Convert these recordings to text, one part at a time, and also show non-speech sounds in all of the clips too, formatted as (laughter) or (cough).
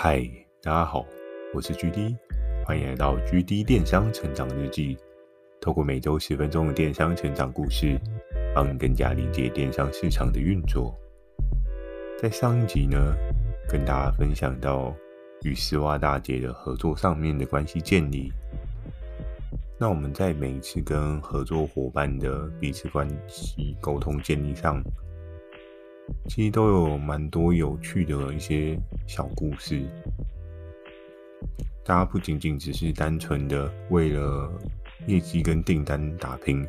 嗨，Hi, 大家好，我是 GD，歡迎來到 GD 電商成長日記。透過每周十分鐘的電商成長故事，幫你更加理解電商市場的運作。在上一集呢，跟大家分享到與絲襪大姐的合作上面的關係建立。那我們在每一次跟合作夥伴的彼此關係溝通建立上。其實都有蠻多有趣的一些小故事。大家不僅僅只是單純的為了業績跟訂單打拼，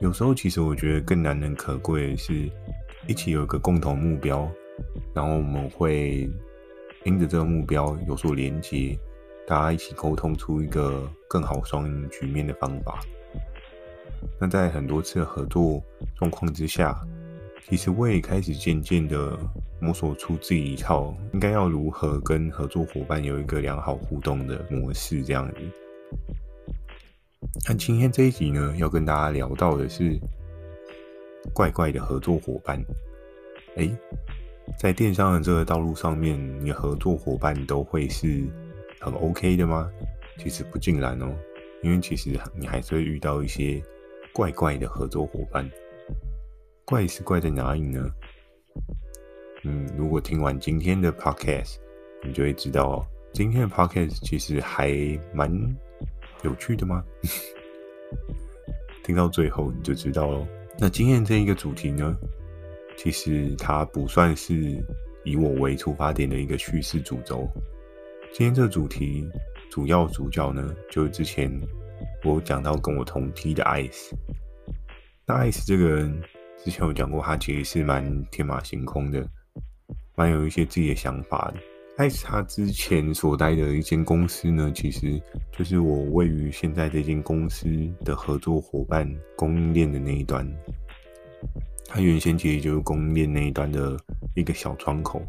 有時候其實我覺得更難能可貴的是，一起有一個共同目標，然後我們會因着這個目標有所連接，大家一起溝通出一個更好雙贏局面的方法。那在很多次的合作狀況之下。其實我也開始漸漸的摸索出自己一套應該要如何跟合作夥伴有一個良好互動的模式，這樣子。那今天這一集呢，要跟大家聊到的是怪怪的合作夥伴。哎、欸，在電商的這個道路上面，你的合作夥伴都會是很 OK 的嗎？其實不盡然哦，因為其實你還是會遇到一些怪怪的合作夥伴。怪是怪在哪裡呢？嗯，如果聽完今天的 podcast，你就會知道哦。今天的 podcast 其實還蠻有趣的嘛 (laughs) 聽到最後你就知道嘍。那今天這一個主題呢，其實它不算是以我為出發點的一個敘事主軸。今天這個主題主要主角呢，就是之前我講到跟我同批的 ICE，那 ICE 這個人。之前有講過，他其實是蠻天馬行空的，蠻有一些自己的想法的。ICE 他之前所待的一間公司呢，其實就是我位於現在這間公司的合作夥伴供應鏈的那一端。他原先其實就是供應鏈那一端的一個小窗口，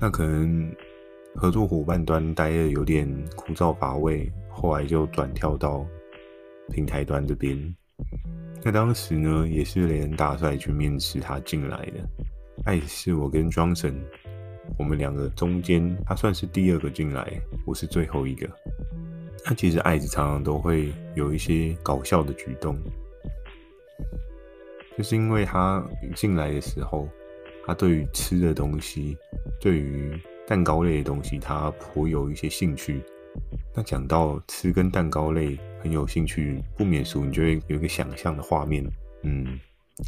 那可能合作夥伴端待得有點枯燥乏味，後來就轉跳到平台端這邊。那當時呢，也是雷恩大帥去面試他進來的。ICE 是我跟莊神，我們兩個中間，他算是第二個進來，我是最後一個。那其實 ICE 常常都會有一些搞笑的舉動，就是因為他進來的時候，他對於吃的東西，對於蛋糕類的東西，他頗有一些興趣。那講到吃跟蛋糕類很有興趣，不免俗，你就會有一個想象的畫面，嗯，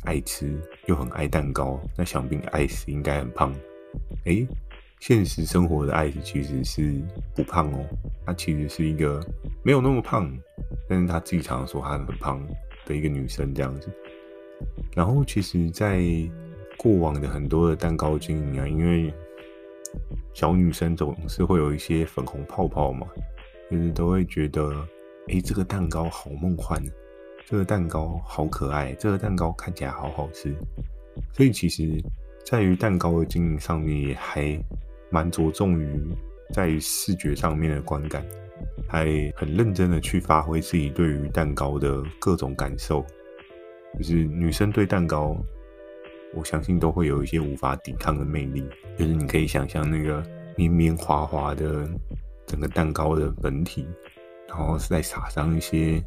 愛吃又很愛蛋糕，那想必 ICE 應該很胖。誒、欸。現實生活的 ICE 其實是不胖哦，她其實是一個沒有那麼胖，但是她自己常常說她很胖的一個女生這樣子。然後其實，在過往的很多的蛋糕經營啊，因為。小女生總是會有一些粉紅泡泡嘛，就是都會覺得，誒、欸，這個蛋糕好夢幻，啊，這個蛋糕好可愛，這個蛋糕看起來好好吃。所以其實，在於蛋糕的經營上面也還蠻着重於在於視覺上面的觀感，還很認真的去發揮自己對於蛋糕的各種感受，就是女生對蛋糕。我相信都會有一些無法抵抗的魅力，就是你可以想象那個綿綿滑滑的整個蛋糕的本體，然後再撒上一些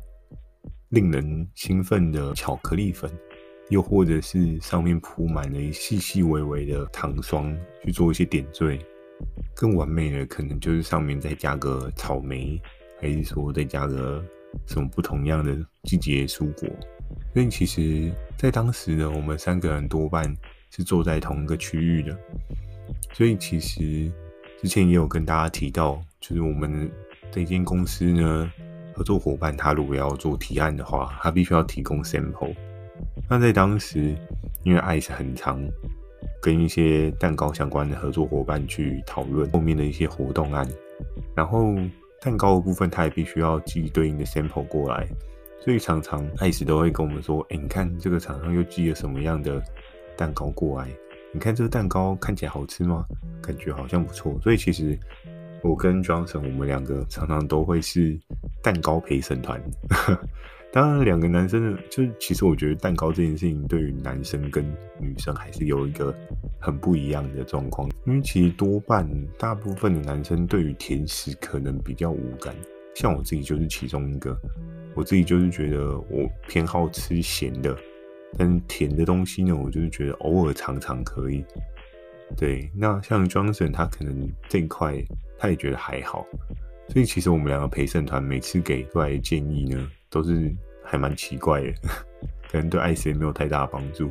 令人興奮的巧克力粉，又或者是上面鋪滿了一細細微微的糖霜去做一些點綴，更完美的可能就是上面再加個草莓，還是說再加個什麼不同樣的季節蔬果。所以其實，在當時呢，我們三個人多半是坐在同一個區域的。所以其實之前也有跟大家提到，就是我們這一間公司呢，合作夥伴他如果要做提案的話，他必須要提供 sample。那在當時，因為 ICE 很常跟一些蛋糕相關的合作夥伴去討論後面的一些活動案，然後蛋糕的部分他也必須要寄對應的 sample 過來。所以常常 ICE 都會跟我們說：“誒、欸、你看這個廠商又寄了什麼樣的蛋糕過來？你看這個蛋糕看起來好吃嗎？感覺好像不錯。”所以其實我跟莊臣，我們兩個常常都會是蛋糕陪審團。 (laughs) 當然，兩個男生的，就是其實我覺得蛋糕這件事情，對於男生跟女生還是有一個很不一樣的狀況，因為其實多半大部分的男生對於甜食可能比較無感。像我自己就是其中一個，我自己就是覺得我偏好吃鹹的，但是甜的東西呢，我就是覺得偶爾嘗嘗可以。對，那像 Johnson 他可能這塊他也覺得還好，所以其實我們兩個陪審團每次給出來的建議呢，都是還蠻奇怪的，呵呵，可能對 ICE 也沒有太大的幫助。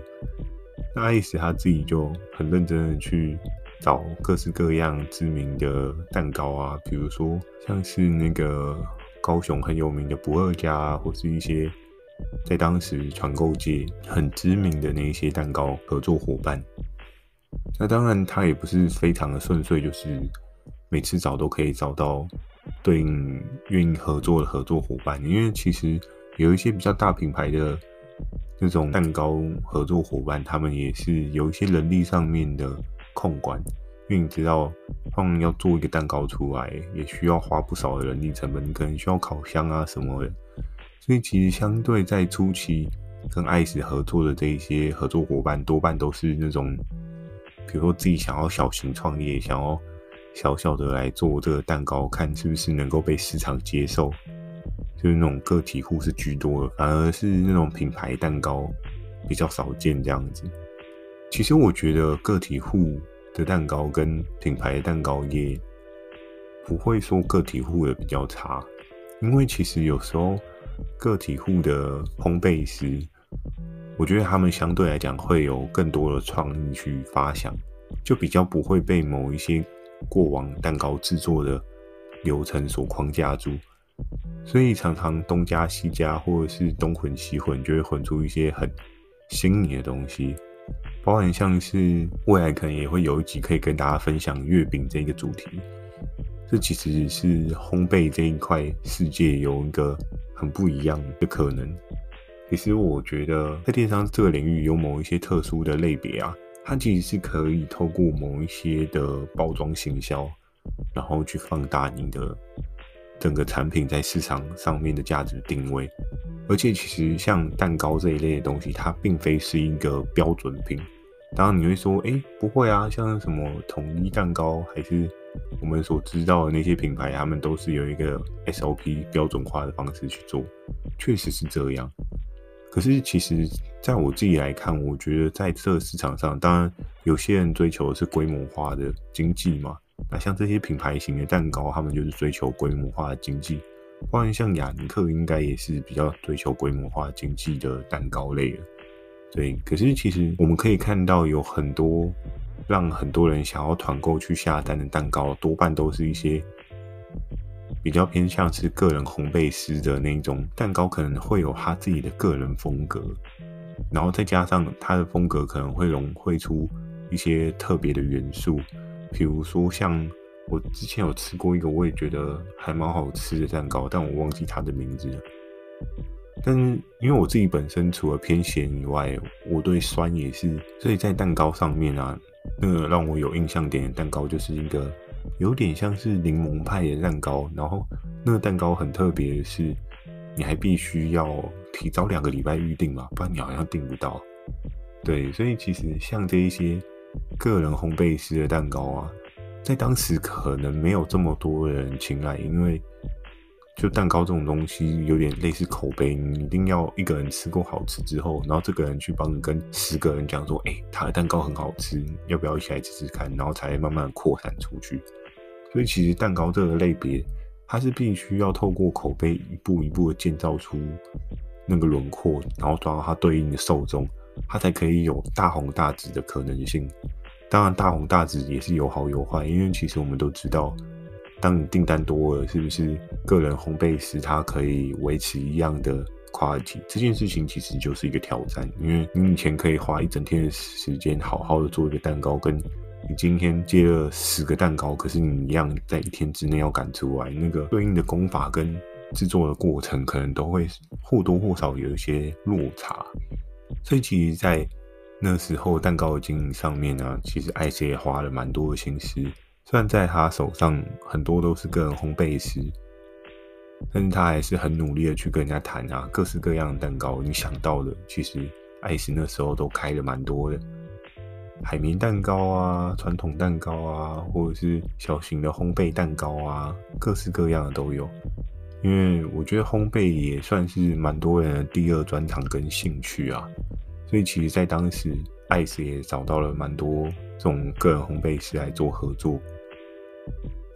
那 ICE 他自己就很認真的去。找各式各樣知名的蛋糕啊，比如說像是那個高雄很有名的不二家啊，或是一些在當時團購界很知名的那些蛋糕合作夥伴。那當然，他也不是非常的順遂，就是每次找都可以找到對應願意合作的合作夥伴。因為其實有一些比較大品牌的那種蛋糕合作夥伴，他們也是有一些能力上面的控管，因為你知道，他們要做一個蛋糕出來，也需要花不少的人力成本，可能需要烤箱啊什麼的。所以其實相對在初期跟 ICE 合作的這一些合作夥伴，多半都是那種，比如說自己想要小型創業，想要小小的來做這個蛋糕，看是不是能夠被市場接受，就是那種個體戶是居多的，反而是那種品牌蛋糕比較少見這樣子。其實我覺得個體戶的蛋糕跟品牌的蛋糕也不會說個體戶的比較差，因為其實有時候個體戶的烘焙師，我覺得他們相對來講會有更多的創意去發想，就比較不會被某一些過往蛋糕制作的流程所框架住，所以常常東加西加或者是東混西混，就會混出一些很新穎的東西。包含像是未來可能也會有一集可以跟大家分享月餅這一個主題，這其實是烘焙這一塊世界有一個很不一樣的可能。其實我覺得在電商這個領域有某一些特殊的類別啊，它其實是可以透過某一些的包裝行銷，然後去放大你的整個產品在市場上面的價值定位。而且其實像蛋糕這一類的東西，它並非是一個標準品。當然你會說，哎、欸，不會啊，像什麼統一蛋糕，還是我們所知道的那些品牌，他們都是有一個 SOP 標準化的方式去做，確實是這樣。可是其實，在我自己來看，我覺得在這個市場上，當然有些人追求的是規模化的經濟嘛，那像這些品牌型的蛋糕，他們就是追求規模化的經濟。當然，像亞尼克應該也是比較追求規模化經濟的蛋糕類了。對，可是其實我們可以看到，有很多讓很多人想要團購去下單的蛋糕，多半都是一些比較偏向是個人烘焙師的那一種蛋糕，可能會有他自己的個人風格，然後再加上他的風格可能會融匯出一些特別的元素，比如說像我之前有吃過一個，我也覺得還蠻好吃的蛋糕，但我忘記它的名字了。但是因為我自己本身除了偏鹹以外，我對酸也是，所以在蛋糕上面啊，那個讓我有印象點的蛋糕就是一個有點像是檸檬派的蛋糕，然後那個蛋糕很特別的是，你還必須要提早兩個禮拜預定嘛，不然你好像訂不到。對，所以其實像這一些個人烘焙師的蛋糕啊，在當時可能沒有這麼多的人青睞，因為。就蛋糕這種東西，有點類似口碑，你一定要一個人吃過好吃之後，然後這個人去幫你跟十個人講說，哎、欸，他的蛋糕很好吃，要不要一起來試試看？然後才慢慢擴散出去。所以其實蛋糕這個類別，它是必須要透過口碑一步一步的建造出那個輪廓，然後抓到它對應的受眾，它才可以有大紅大紫的可能性。當然，大紅大紫也是有好有壞，因為其實我們都知道。當你訂單多了，是不是個人烘焙師，他可以維持一樣的 quality？這件事情其實就是一個挑戰，因為你以前可以花一整天的時間，好好的做一個蛋糕，跟你今天接了十個蛋糕，可是你一樣在一天之內要趕出來，那個對應的功法跟製作的過程，可能都會或多或少有一些落差。所以，其實，在那時候蛋糕的經營上面呢、啊，其實 ICE 也花了蠻多的心思。雖然在他手上很多都是個人烘焙師，但是他還是很努力的去跟人家談啊，各式各樣的蛋糕，你想到的，其實 ICE 那時候都開了蠻多的，海綿蛋糕啊，傳統蛋糕啊，或者是小型的烘焙蛋糕啊，各式各樣的都有。因為我覺得烘焙也算是蠻多人的第二專長跟興趣啊，所以其實在當時 ICE 也找到了蠻多這種個人烘焙師來做合作。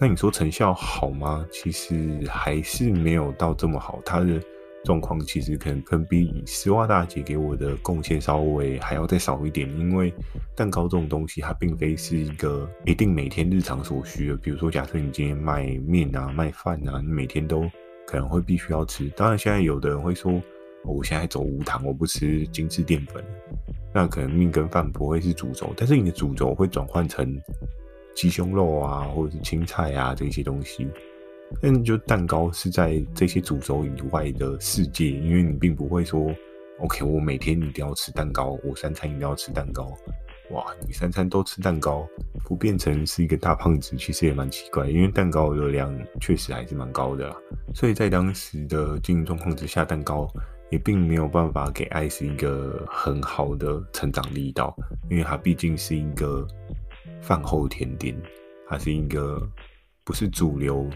那你說成效好嗎？其實還是沒有到這麼好。他的狀況其實可能可能比絲襪大姐給我的貢獻稍微還要再少一點。因為蛋糕這種東西，它並非是一個一定每天日常所需的。比如說，假設你今天賣麵啊、賣飯啊，你每天都可能會必須要吃。當然，現在有的人會說，我現在走無糖，我不吃精緻澱粉，那可能麵跟飯不會是主軸，但是你的主軸會轉換成。雞胸肉啊，或者是青菜啊，這些東西，但就蛋糕是在這些主軸以外的世界，因為你並不會說，OK，我每天一定要吃蛋糕，我三餐一定要吃蛋糕，哇，你三餐都吃蛋糕，不變成是一個大胖子，其實也蠻奇怪，因為蛋糕的量確實還是蠻高的啦，所以在當時的經營狀況之下，蛋糕也並沒有辦法給 ICE 一個很好的成長力道，因為它畢竟是一個。飯後甜點，它是一個不是主流，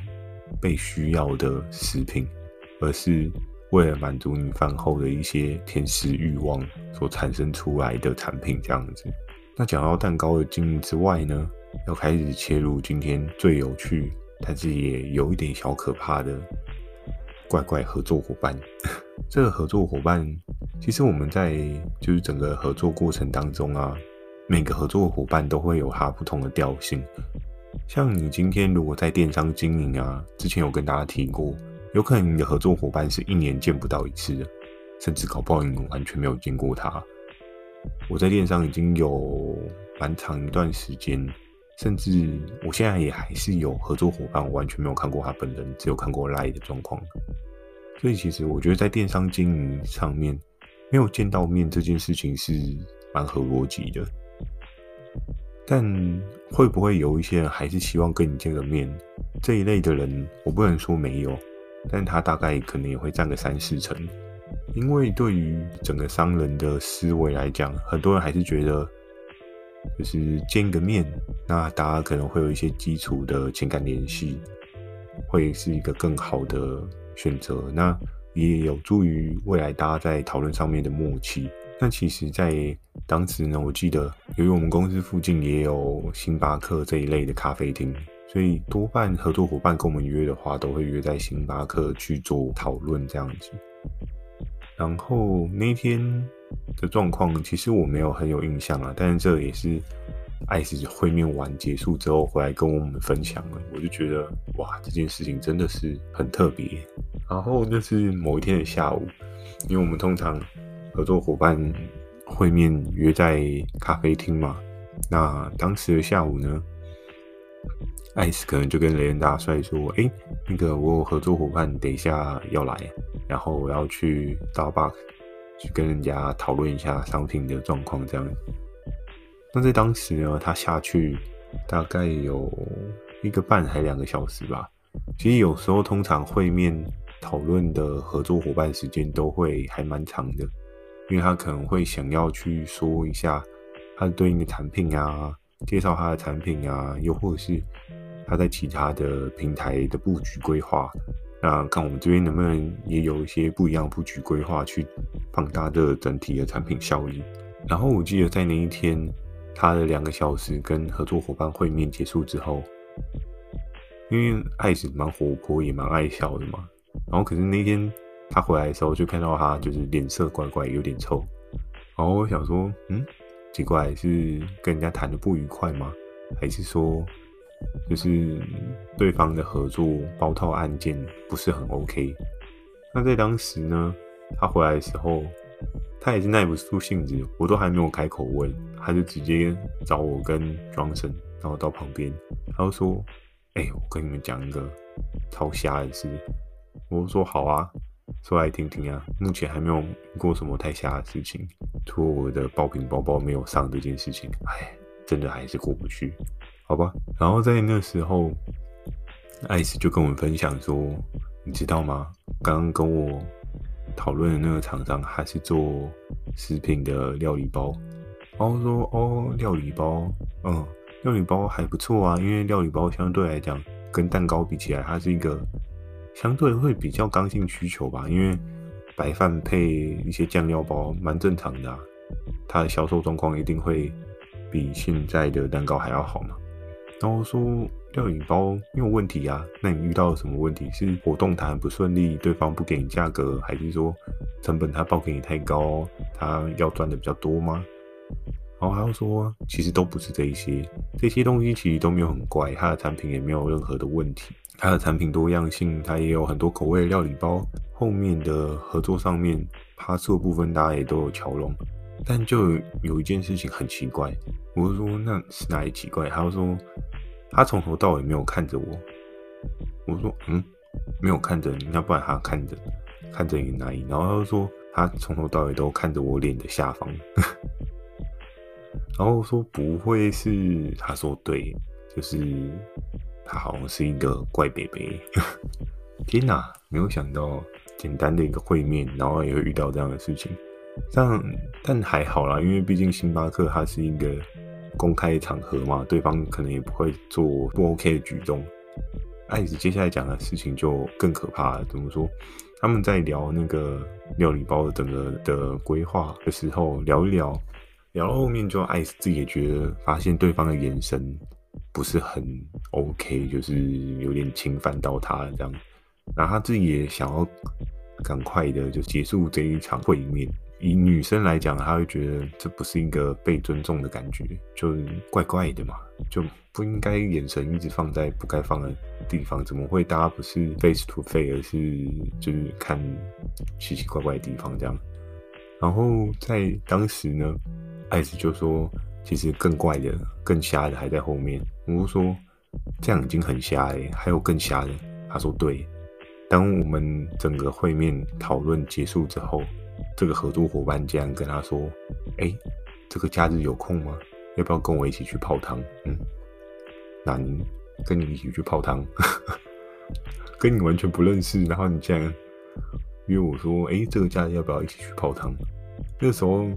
被需要的食品，而是為了滿足你飯後的一些甜食欲望所產生出來的產品這樣子。那講到蛋糕的經營之外呢，要開始切入今天最有趣，但是也有一點小可怕的怪怪合作夥伴。 (laughs) 這個合作夥伴，其實我們在就是整個合作過程當中啊。每個合作夥伴都會有他不同的調性，像你今天如果在電商經營啊，之前有跟大家提過，有可能你的合作夥伴是一年見不到一次的，甚至搞不好你完全沒有見過他。我在電商已經有蠻長一段時間，甚至我現在也還是有合作夥伴我完全沒有看過他本人，只有看過 LINE 的狀況。所以其實我覺得在電商經營上面，沒有見到面這件事情是蠻合邏輯的。但會不會有一些人還是希望跟你見個面？這一類的人，我不能說沒有，但他大概可能也會占個三四成。因為對於整個商人的思維來講，很多人還是覺得，就是見個面，那大家可能會有一些基礎的情感聯繫，會是一個更好的選擇。那也有助於未來大家在討論上面的默契。那其實，在當時呢，我記得，由於我們公司附近也有星巴克這一類的咖啡廳，所以多半合作夥伴跟我們約的話，都會約在星巴克去做討論這樣子。然後那天的狀況，其實我沒有很有印象啊，但是這也是 ICE 會面完結束之後回來跟我們分享了。我就覺得哇，這件事情真的是很特別。然後就是某一天的下午，因為我們通常。合作夥伴會面約在咖啡廳嘛？那當時的下午呢？ICE 可能就跟雷恩大帥說：“誒，那個我有合作夥伴，等一下要來，然後我要去打 box 去跟人家討論一下商品的狀況這樣。那在當時呢，他下去大概有一個半還兩個小時吧。其實有時候通常會面討論的合作夥伴時間都會還蠻長的。因為他可能會想要去說一下他對應的產品啊，介紹他的產品啊，又或者是他在其他的平台的布局規劃，那看我們這邊能不能也有一些不一樣布局規劃去放大這整體的產品效益。然後我記得在那一天，他的兩個小時跟合作夥伴會面結束之後，因為 ICE 是蠻活潑也蠻愛笑的嘛，然後可是那天。他回來的時候，就看到他就是臉色怪怪，有點臭。然後我想說，嗯，奇怪，是跟人家談的不愉快嗎？還是說，就是對方的合作包套案件不是很 OK？那在當時呢，他回來的時候，他也是耐不住性子，我都還沒有開口問，他就直接找我跟 Johnson，然後到旁邊，他就說：“哎、欸，我跟你們講一個超瞎的事。”我就說：“好啊。”說來聽聽啊，目前還沒有過什麼太瞎的事情，除了我的爆品包包沒有上這件事情，哎，真的還是過不去，好吧。然後在那時候，ICE 就跟我們分享說，你知道嗎？剛剛跟我討論的那個廠商還是做食品的料理包，然後說哦，料理包，嗯，料理包還不錯啊，因為料理包相對來講跟蛋糕比起來，它是一個。相對會比較剛性需求吧，因為白飯配一些醬料包蠻正常的，啊，它的銷售狀況一定會比現在的蛋糕還要好嘛。然後說料理包沒有問題啊？那你遇到了什麼問題？是活動談不順利，對方不給你價格，還是說成本他報給你太高，他要賺的比較多嗎？然後他又說其實都不是這一些，這些東西其實都沒有很怪，他的產品也沒有任何的問題。它的產品多樣性，它也有很多口味料理包。後面的合作上面，他攝部分大家也都有橋融。但就有一件事情很奇怪，我就說，那是哪裡奇怪？他就說他從頭到尾沒有看着我。我就說嗯，沒有看着你，要不然他看着看着你哪裡？然後他就說他從頭到尾都看着我臉的下方。 (laughs) 然後我說不會是？他說對，就是。他好像是一個怪貝貝， (laughs) 天哪、啊，沒有想到簡單的一個會面，然後也會遇到這樣的事情。但但還好啦，因為畢竟星巴克它是一個公開場合嘛，對方可能也不會做不 OK 的舉動。ICE 接下來講的事情就更可怕了。怎麼說？他們在聊那個料理包的整個的規劃的時候，聊一聊，聊到後面，就 ICE 自己也覺得發現對方的眼神。不是很 OK，就是有點侵犯到他這樣，然後他自己也想要趕快的就結束這一場會面。以女生來講，她會覺得這不是一個被尊重的感覺，就是怪怪的嘛，就不應該眼神一直放在不該放的地方。怎麼會大家不是 face to face，而是就是看奇奇怪怪的地方這樣？然後在當時呢，ICE 就說。其實更怪的，更瞎的還在後面。我說這樣已經很瞎了，欸，還有更瞎的。他說，對。當我們整個會面討論結束之後，這個合作夥伴竟然跟他說：“哎，欸，這個假日有空嗎？要不要跟我一起去泡湯？”嗯，那你跟你一起去泡湯？ (laughs) 跟你完全不認識，然後你竟然約我說：“哎，欸，這個假日要不要一起去泡湯？”那，這個時候。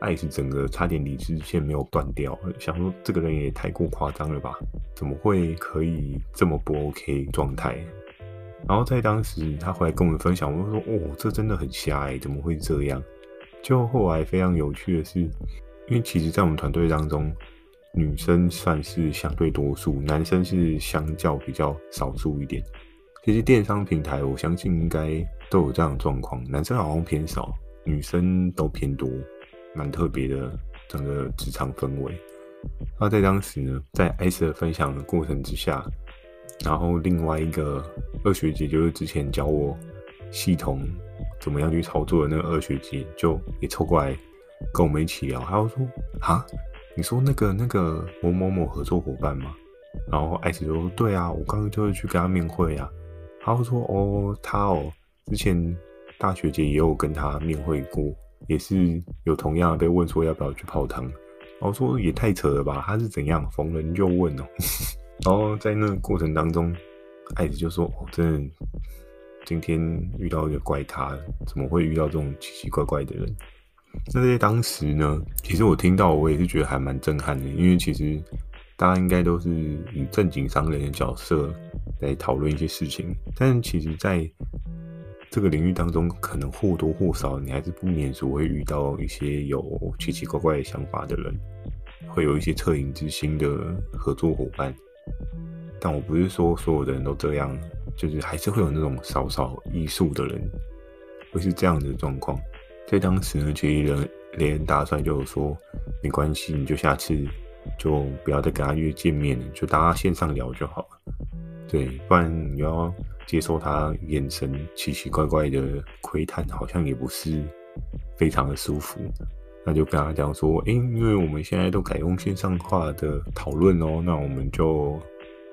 愛是整個差點理智線沒有斷掉，想說這個人也太過誇張了吧？怎麼會可以這麼不 OK 狀態？然後在當時他回來跟我們分享，我們說：“哦，這真的很瞎欸，怎麼會這樣？”就後來非常有趣的是，因為其實，在我們團隊當中，女生算是相對多數，男生是相較比較少數一點。其實電商平台，我相信應該都有這樣的狀況，男生好像偏少，女生都偏多。蠻特別的整個職場氛圍。那、啊、在當時呢，在艾斯的分享的過程之下，然後另外一個二學姐，就是之前教我系統怎麼樣去操作的那個二學姐，就也湊過來跟我們一起聊。她就說：“啊，你說那個那個某某某合作夥伴嗎？”然後艾斯就說：“對啊，我剛剛就是去跟他面會啊。”她就說：“哦，他哦，之前大學姐也有跟他面會過。”也是有同樣的被問說要不要去泡湯，然後，哦，說也太扯了吧？他是怎樣逢人就問哦？ (laughs) 然後在那個過程當中，ICE 就說：哦，真的，今天遇到一個怪咖怎麼會遇到這種奇奇怪怪的人？那在當時呢，其實我聽到我也是覺得還蠻震撼的，因為其實大家應該都是以正經商人的角色來討論一些事情，但其實，在這個領域當中，可能或多或少，你還是不免說會遇到一些有奇奇怪怪的想法的人，會有一些惻隱之心的合作夥伴。但我不是說所有的人都這樣，就是還是會有那種少少異數的人，會是這樣的狀況。在當時呢，其實連連打算就是說：“沒關係，你就下次就不要再跟他約見面了，就大家線上聊就好了。”對，不然你要。接受他眼神奇奇怪怪的窺探，好像也不是非常的舒服。那就跟他講說：“誒、欸，因為我們現在都改用線上化的討論哦，那我們就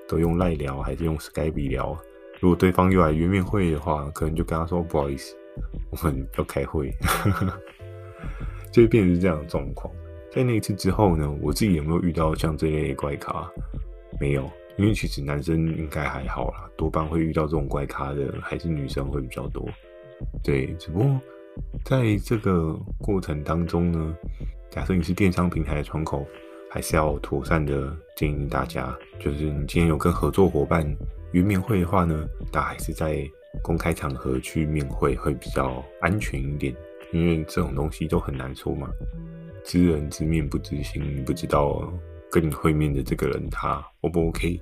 都用賴聊還是用 Skype 聊？如果對方又來約面會的話，可能就跟他說不好意思，我們要開會。 (laughs) ”就會變成這樣的狀況。在那一次之後呢，我自己有沒有遇到像這類怪咖？沒有。因為其實男生應該還好啦，多半會遇到這種怪咖的還是女生會比較多。對，只不過在這個過程當中呢，假設你是電商平台的窗口，還是要妥善的建議大家，就是你今天有跟合作夥伴約面會的話呢，大家還是在公開場合去面會會比較安全一點，因為這種東西都很難說嘛，知人知面不知心，你不知道哦。跟你會面的這個人，他 O 不 OK？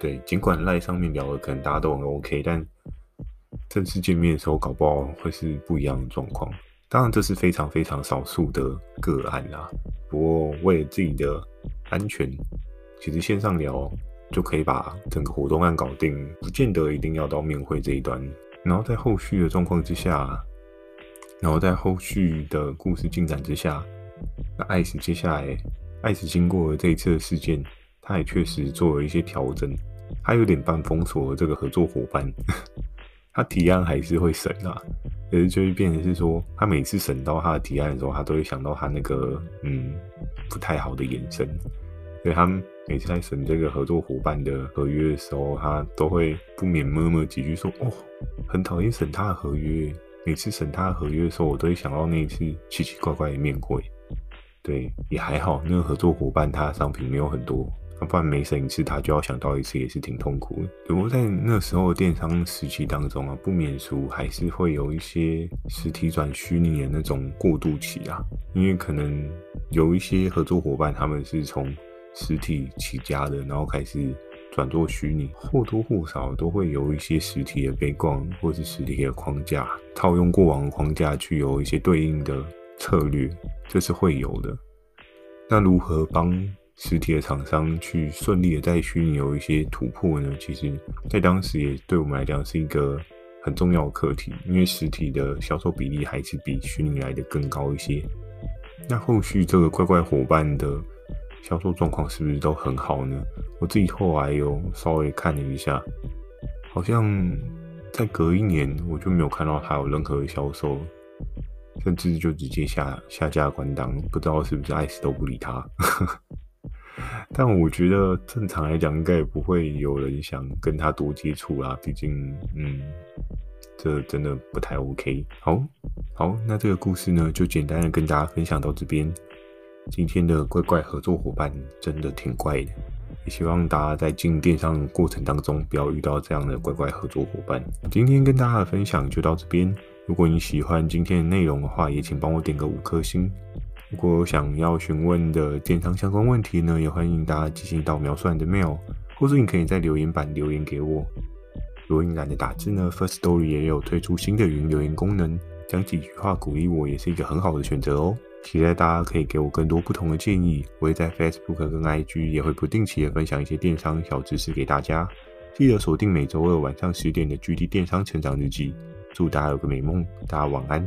對，儘管賴上面聊的可能大家都很 OK，但正式見面的時候，搞不好會是不一樣的狀況。當然，這是非常非常少數的個案啦、啊。不過，為了自己的安全，其實線上聊就可以把整個活動案搞定，不見得一定要到面會這一端。然後在後續的狀況之下，然後在後續的故事進展之下，那 ICE 接下來。ICE 經過了這一次的事件，他也確實做了一些調整。他有點半封鎖了這個合作夥伴呵呵，他提案還是會審啊，可、就是就會變成是說，他每次審到他的提案的時候，他都會想到他那個嗯不太好的眼神。所以，他每次在審這個合作夥伴的合約的時候，他都會不免 murmur 幾句說：“哦，很討厭審他的合約。”每次審他的合約的時候，我都會想到那一次奇奇怪怪的面會。對，也還好。那個合作夥伴他的商品沒有很多，那不然每省一次他就要想到一次，也是挺痛苦的，只不過在那時候電商時期當中啊，不免俗還是會有一些實體轉虛擬的那種過渡期啊。因為可能有一些合作夥伴他們是從實體起家的，然後開始轉做虛擬，或多或少都會有一些實體的背光，或是實體的框架套用過往的框架去有一些對應的策略，這是會有的。那如何幫實體的廠商去順利的在虛擬有一些突破呢？其實，在當時也對我們來講是一個很重要的課題，因為實體的銷售比例還是比虛擬來的更高一些。那後續這個怪怪夥伴的銷售狀況是不是都很好呢？我自己後來有稍微看了一下，好像在隔一年我就沒有看到它有任何的銷售。甚至就直接下下架關檔，不知道是不是 ICE 都不理他。 (laughs) 但我覺得正常來講，應該也不會有人想跟他多接觸啦。畢竟，嗯，這真的不太 OK。好，好，那這個故事呢，就簡單的跟大家分享到這邊。今天的怪怪合作夥伴真的挺怪的，也希望大家在進電商過程當中，不要遇到這樣的怪怪合作夥伴。今天跟大家的分享就到這邊。如果你喜歡今天的內容的話，也請幫我點個五顆星。如果有想要詢問的電商相關問題呢，也歡迎大家進行到描述你的 mail，或是你可以在留言板留言給我。如果懶得打字呢，First Story 也有推出新的語音留言功能，講幾句話鼓勵我也是一個很好的選擇哦。期待大家可以給我更多不同的建議，我也在 Facebook 跟 IG 也會不定期的分享一些電商小知識給大家。記得鎖定每週二晚上十點的 GD 電商成長日記。祝大家有個美夢，大家晚安。